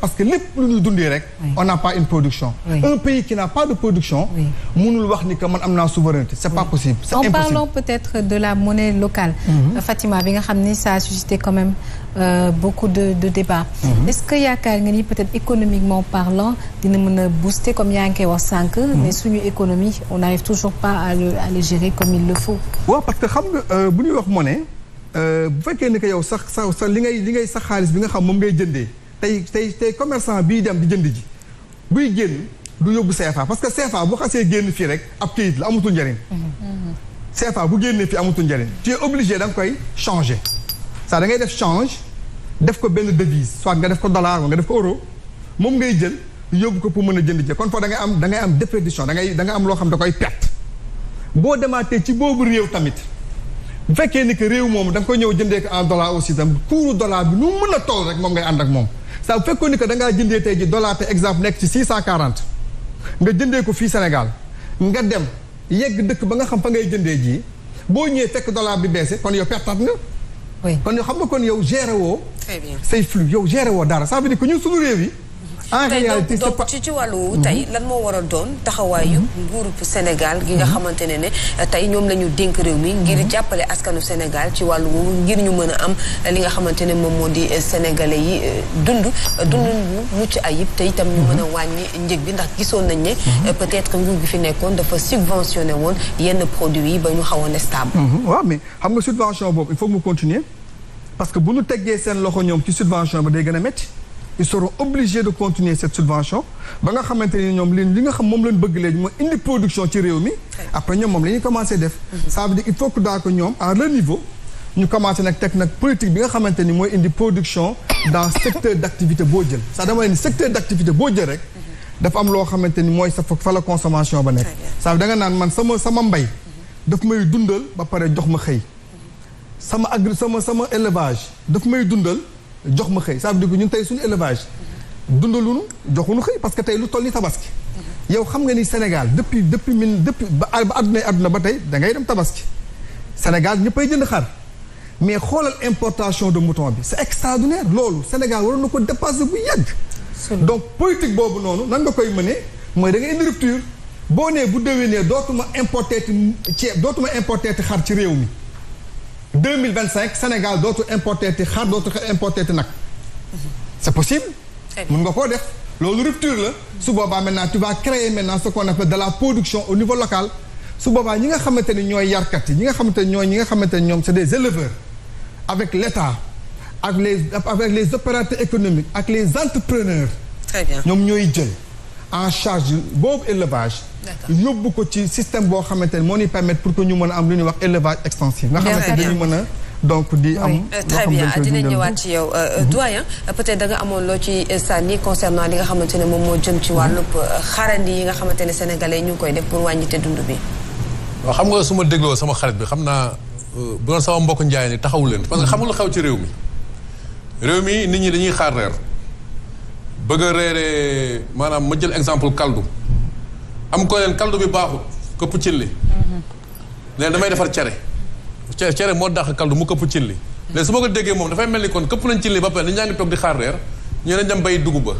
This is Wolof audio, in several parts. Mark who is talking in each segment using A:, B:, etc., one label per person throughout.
A: parce que lépp lu ñuy dundee rek on n'a pas une production oui. un pays qui n'a pas de production mënul wax ni que man am naa souveraineté c'est pas possible c'est impossible en parlant peut-être de la monnaie locale mhm. euh, Fatima bi nga xam ni ça a suscité quand même euh, beaucoup de débats mhm. est-ce que yaakaar nga ni peut-être économiquement parlant dina mën a booster comme yaa ngi koy wax sànq mhm. mais économie on n'arrive toujours pas à le à le gérer comme il le faut parce que xam nga euh, bu ñuy wax monnaie euh, bu fekkee ni que yow sax sa sa li ngay li ngay sax xaalis bi nga xam moom ngay jëndee tey tey tey commercant bii dem di jënd ji buy génn du yóbbu CFA parce que CFA bu xasee génn fii rek ab kayit la amatul njëriñ. Mm-hmm. CFA bu génnee fii amatul njëriñ. tu es obligé da nga koy changer. ça dangay def change def ko benn devise soit nga def ko dollar nga def ko euro moom ngay jël yóbbu ko pour mën a jënd ji kon foofu da ngay am da ngay am déperdition da ngay da am loo xam da koy perte. boo demaatee ci boobu réew tamit bu fekkee ni que réew moom da koy ñëw jëndee en dollar aussi tam kuuru dollar bi nu mu mën rek moom ngay ànd ak moom. ça bu fekkoon ni que da ngaa jëndee tey ji dollar te exemple nekk ci 640 nga jëndee ko fii Sénégal nga dem yegg dëkk ba nga xam fa ngay jëndee jii boo ñëwee fekk dollar bi baissé kon yow pertaat nga. oui kon yow xam nga kon yow gérer woo. très say flux yow gérer woo dara sa veut dire que ñun suñu réew
B: yi. en réalité donc ci ci wàllu tey lan moo war a doon taxawaayu mhm. nguuru Sénégal gi nga mhm. xamante ne ne tey ñoom lañu ñu dénk réew mi ngir mhm. jàppale askanu Sénégal ci wàllu woowu ngir ñu mën a am li nga xamante ne moom moo di sénégalais yi euh, dund dund mu mucc ayib te itam ñu mën a wàññi njëg bi ndax gisoon nañ ne euh, peut-être nguur gi fi nekkoon dafa subventionné woon yenn produits yi ba ñu xawoon stable
A: waaw mais xam nga subvention boobu il faut mu continuer parce que bu ñu teggee seen loxo ñoom subvention ba day gën a métti il seront obligés de continuer cette subvention ba nga xamante ni ñoom leen li nga xam moom leen bëgg léegi mooy indi production ci réew mi après ñoom moom la ñuy commencé def mhm. ça veut dire il faut que daa ko ñoom à leur niveau ñu commencé nag teg nag politique bi nga xamante ni mooy indi production dans secteur d' activité boo jël ça dama leen secteur d' activité boo jël rek dafa am loo xamante ni mooy sa fa la consommation ba nekk saa veut da naan man sama sama mbay mhm. daf may dundal ba pare jox ma xëy sama agri sama sama élevage daf may dundal jox ma xëy ça veut dire que ñun tey suñu élevage dundaluñu joxuñu xëy parce que tey lu toll ni tabaski yow xam nga ni Sénégal depuis depuis min depuis ba àdduna àdduna ba tey da ngay dem tabaski Sénégal ñëppay jënd xar mais xoolal importation de mouton bi c'est extraordinaire loolu Sénégal waroon na ko dépasser bu yàgg donc politique boobu noonu nan nga koy mënee mooy da nga boo nee bu nee dootuma importer ci ceeb dootuma importer xar ci réew mi deux mille vingt cinq Sénégal dootu importer te xar dootu importer te nag. c'est possible. mën nga koo def loolu rupture la. su boobaa maintenant tu vas créer maintenant ce qu'on appelle de la production au niveau local. su boobaa ñi nga xamante ni ñooy yarkat yi ñi nga xamante ni ñooy ñi nga xamante ni ñoom c'est des éleveurs avec l'État ak les avec les opérateurs économiques ak les entrepreneurs. très bien ñoom ñooy jël. en charge boobu élevage. yóbbu ko ci système boo xamante ne moo ñuy permettre pour que ñu mën a am lu ñuy wax élevage extensif. nga xamante dañu mën a donc di am. très bien dina ñëwaat
B: ci yow euh, euh, mhm. doyen amoon loo ci sànni concernant li nga xamante ne moom moo jëm ci mhm. wàllub euh, xarandi yi nga xamante ne sénégalais ñu ngi koy def pour wàññite dund bi. waaw xam nga suma ma dégloo sama xarit bi xam naa bu doon sama mbokk njaay ni taxawu leen parce que mhm. xamul xew ci réew mi réew mi nit ñi dañuy xaar bëgg a maanaam ma jël exemple kaldu am ko leen kaldu bi baaxul këpp cin li mhm. leen damay defar cere cere moo dàq kaldu mu këpp cin li léegi su ma ko déggee moom dafay mel ni koon këpp nañ cin li ba pare nit ñaa ngi toog di xaar reer ñu ne dem bay dugub ba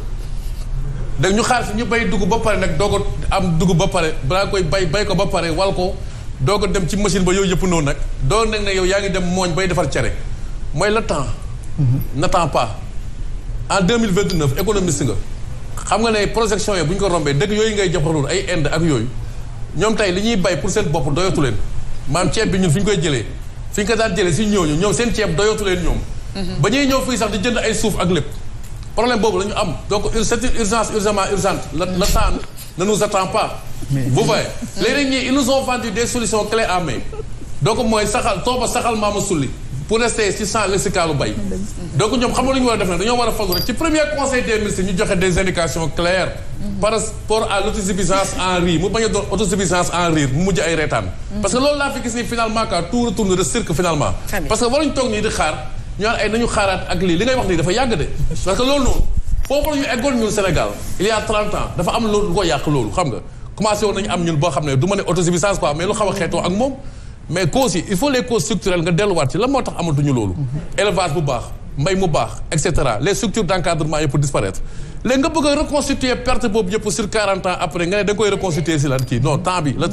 B: dag ñu xaar si ñu bay dugub ba pare nag doog a am dugub ba pare balaa koy bay bay ko ba pare wal ko doog dem ci machine ba yow yëpp noonu nag doo nag ne yow yaa ngi dem mooñ bay defar cere mooy le temps mhm. n'attends pas en deux mille vingt neuf économiste nga xam nga ne projection yi bu ñu ko rombee dëgg yooyu ngay joxalul ay Inde ak yooyu ñoom tey li ñuy bay pour seen bopp doyatu leen maam ceeb bi ñun fi ñu koy jëlee fi ñu ko daan jële si ñooñu ñoom seen ceeb doyatu leen ñoom. Mhm. ba ñuy ñëw fii sax di jënd ay suuf ak lépp problème boobu la ñu am donc c'est une urgence urgemment urgente la la temps ne nous attend pas. vous voyez léegi nag ñii ils nous ont vendu des solutions clés en main donc mooy saxal tooba saxal maama pour rester ci sans recyclage bay donc ñoom xam nga lu ñu war a def nag dañoo war a fagu rek ci premier conseil des ministres ñu joxe des indications claires par rapport à l'autosuffisance en riz mu bañ a doon autosuffisance en riz mu mujj ay reetaan parce que loolu laa fi gis ni finalement quoi tout retourne de cirque finalement parce que waruñu toog nii di xaar ñu ay eh, nañu xaaraat ak lii li ngay wax nii dafa yàgg de parce que loolu noonu xam nga commencé woon xam ne du ma ne autosuffisance mais causes yi il faut les causes structurelles nga delluwaat ci la moo tax amatuñu loolu. élevage bu baax mbay mu baax et cetera les structures d' encadrement yëpp disparaître léegi nga bëgg a reconstituer perte boobu yëpp sur 40 ans après nga ne da koy reconstituer si lan kii temps